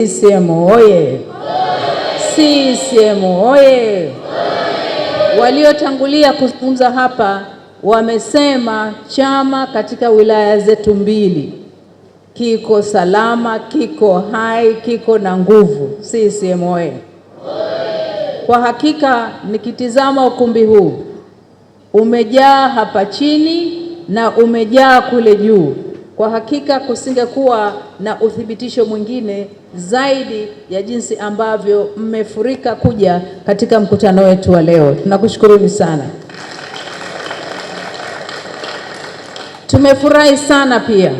CCM oye! CCM oye! Waliotangulia kuzungumza hapa wamesema chama katika wilaya zetu mbili kiko salama, kiko hai, kiko na nguvu. CCM oye! Kwa hakika nikitizama ukumbi huu umejaa hapa chini na umejaa kule juu. Kwa hakika kusingekuwa na uthibitisho mwingine zaidi ya jinsi ambavyo mmefurika kuja katika mkutano wetu wa leo. Tunakushukuruni sana. Tumefurahi sana pia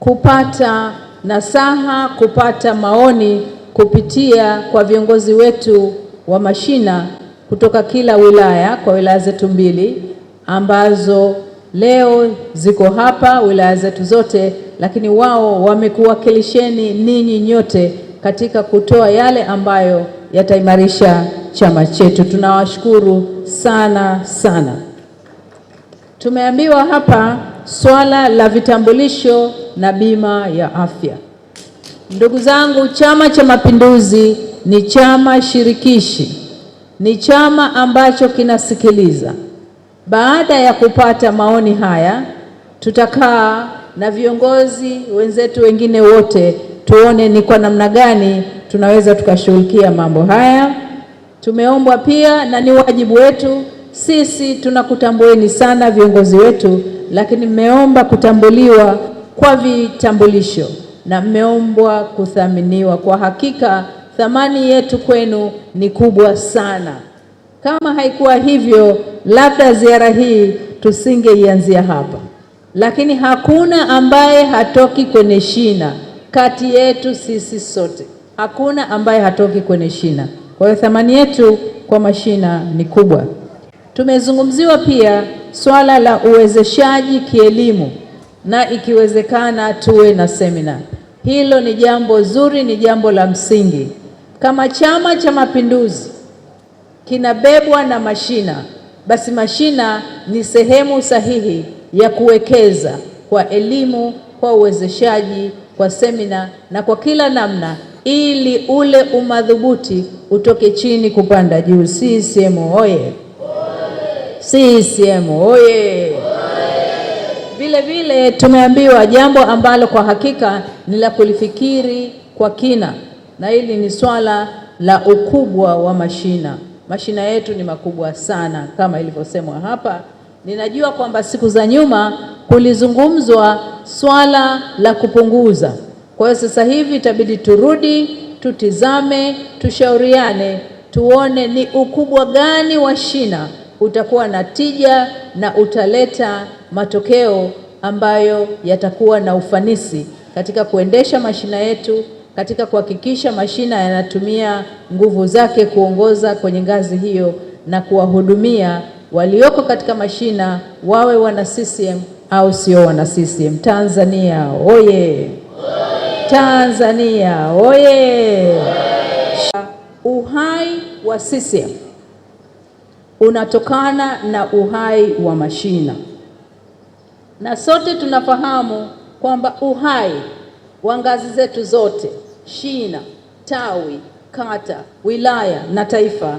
kupata nasaha, kupata maoni kupitia kwa viongozi wetu wa mashina kutoka kila wilaya, kwa wilaya zetu mbili ambazo leo ziko hapa wilaya zetu zote, lakini wao wamekuwakilisheni ninyi nyote katika kutoa yale ambayo yataimarisha chama chetu. Tunawashukuru sana sana. Tumeambiwa hapa swala la vitambulisho na bima ya afya. Ndugu zangu, Chama cha Mapinduzi ni chama shirikishi, ni chama ambacho kinasikiliza baada ya kupata maoni haya, tutakaa na viongozi wenzetu wengine wote tuone ni kwa namna gani tunaweza tukashughulikia mambo haya. Tumeombwa pia na ni wajibu wetu sisi, tunakutambueni sana viongozi wetu, lakini mmeomba kutambuliwa kwa vitambulisho na mmeombwa kuthaminiwa. Kwa hakika thamani yetu kwenu ni kubwa sana. Kama haikuwa hivyo labda ziara hii tusingeianzia hapa, lakini hakuna ambaye hatoki kwenye shina kati yetu sisi sote, hakuna ambaye hatoki kwenye shina. Kwa hiyo thamani yetu kwa mashina ni kubwa. Tumezungumziwa pia swala la uwezeshaji kielimu na ikiwezekana tuwe na semina. Hilo ni jambo zuri, ni jambo la msingi. Kama Chama cha Mapinduzi kinabebwa na mashina basi mashina ni sehemu sahihi ya kuwekeza kwa elimu, kwa uwezeshaji, kwa semina na kwa kila namna, ili ule umadhubuti utoke chini kupanda juu. CCM oye! CCM oye! Vile vile tumeambiwa jambo ambalo kwa hakika ni la kulifikiri kwa kina, na hili ni swala la ukubwa wa mashina. Mashina yetu ni makubwa sana kama ilivyosemwa hapa. Ninajua kwamba siku za nyuma kulizungumzwa swala la kupunguza. Kwa hiyo sasa hivi itabidi turudi, tutizame, tushauriane, tuone ni ukubwa gani wa shina utakuwa na tija na utaleta matokeo ambayo yatakuwa na ufanisi katika kuendesha mashina yetu katika kuhakikisha mashina yanatumia nguvu zake kuongoza kwenye ngazi hiyo na kuwahudumia walioko katika mashina wawe wana CCM au sio wana CCM. Tanzania oye! Tanzania oye! Oye! Uhai wa CCM unatokana na uhai wa mashina, na sote tunafahamu kwamba uhai wa ngazi zetu zote, shina, tawi, kata, wilaya na taifa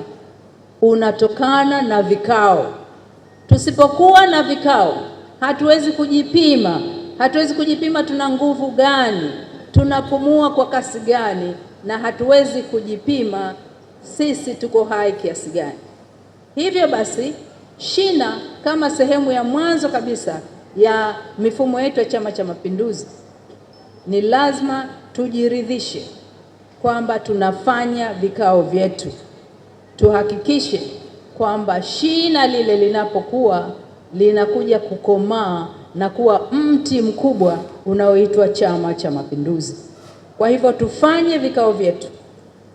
unatokana na vikao. Tusipokuwa na vikao, hatuwezi kujipima, hatuwezi kujipima tuna nguvu gani, tunapumua kwa kasi gani, na hatuwezi kujipima sisi tuko hai kiasi gani. Hivyo basi, shina kama sehemu ya mwanzo kabisa ya mifumo yetu ya Chama cha Mapinduzi ni lazima tujiridhishe kwamba tunafanya vikao vyetu, tuhakikishe kwamba shina lile linapokuwa linakuja kukomaa na kuwa mti mkubwa unaoitwa Chama cha Mapinduzi. Kwa hivyo tufanye vikao vyetu.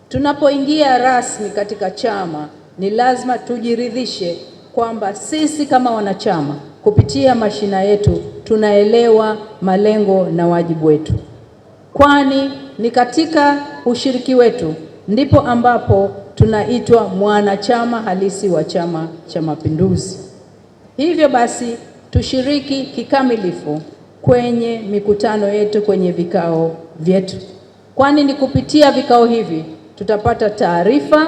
Tunapoingia rasmi katika chama, ni lazima tujiridhishe kwamba sisi kama wanachama kupitia mashina yetu tunaelewa malengo na wajibu wetu, kwani ni katika ushiriki wetu ndipo ambapo tunaitwa mwanachama halisi wa Chama cha Mapinduzi. Hivyo basi tushiriki kikamilifu kwenye mikutano yetu, kwenye vikao vyetu, kwani ni kupitia vikao hivi tutapata taarifa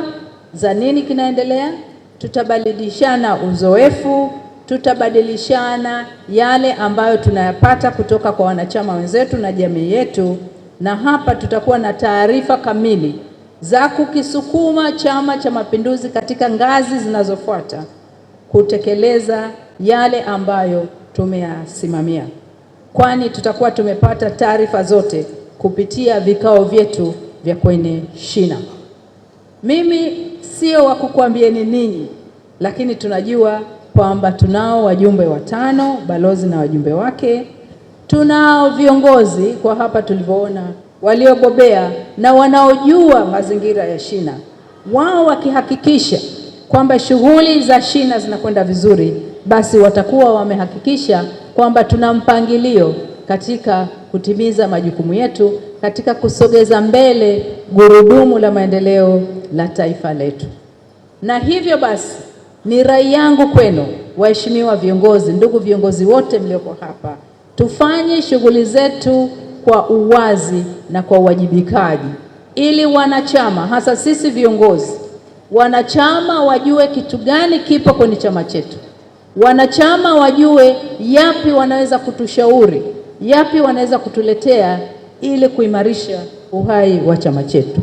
za nini kinaendelea, tutabadilishana uzoefu tutabadilishana yale ambayo tunayapata kutoka kwa wanachama wenzetu na jamii yetu, na hapa tutakuwa na taarifa kamili za kukisukuma Chama cha Mapinduzi katika ngazi zinazofuata kutekeleza yale ambayo tumeyasimamia, kwani tutakuwa tumepata taarifa zote kupitia vikao vyetu vya kwenye shina. Mimi sio wa kukuambieni ninyi, lakini tunajua kwamba tunao wajumbe watano, balozi na wajumbe wake, tunao viongozi kwa hapa tulivyoona waliobobea na wanaojua mazingira ya shina, wao wakihakikisha kwamba shughuli za shina zinakwenda vizuri, basi watakuwa wamehakikisha kwamba tuna mpangilio katika kutimiza majukumu yetu katika kusogeza mbele gurudumu la maendeleo la taifa letu, na hivyo basi ni rai yangu kwenu, waheshimiwa viongozi, ndugu viongozi wote mlioko hapa, tufanye shughuli zetu kwa uwazi na kwa uwajibikaji, ili wanachama, hasa sisi viongozi, wanachama wajue kitu gani kipo kwenye chama chetu, wanachama wajue yapi wanaweza kutushauri, yapi wanaweza kutuletea ili kuimarisha uhai wa chama chetu.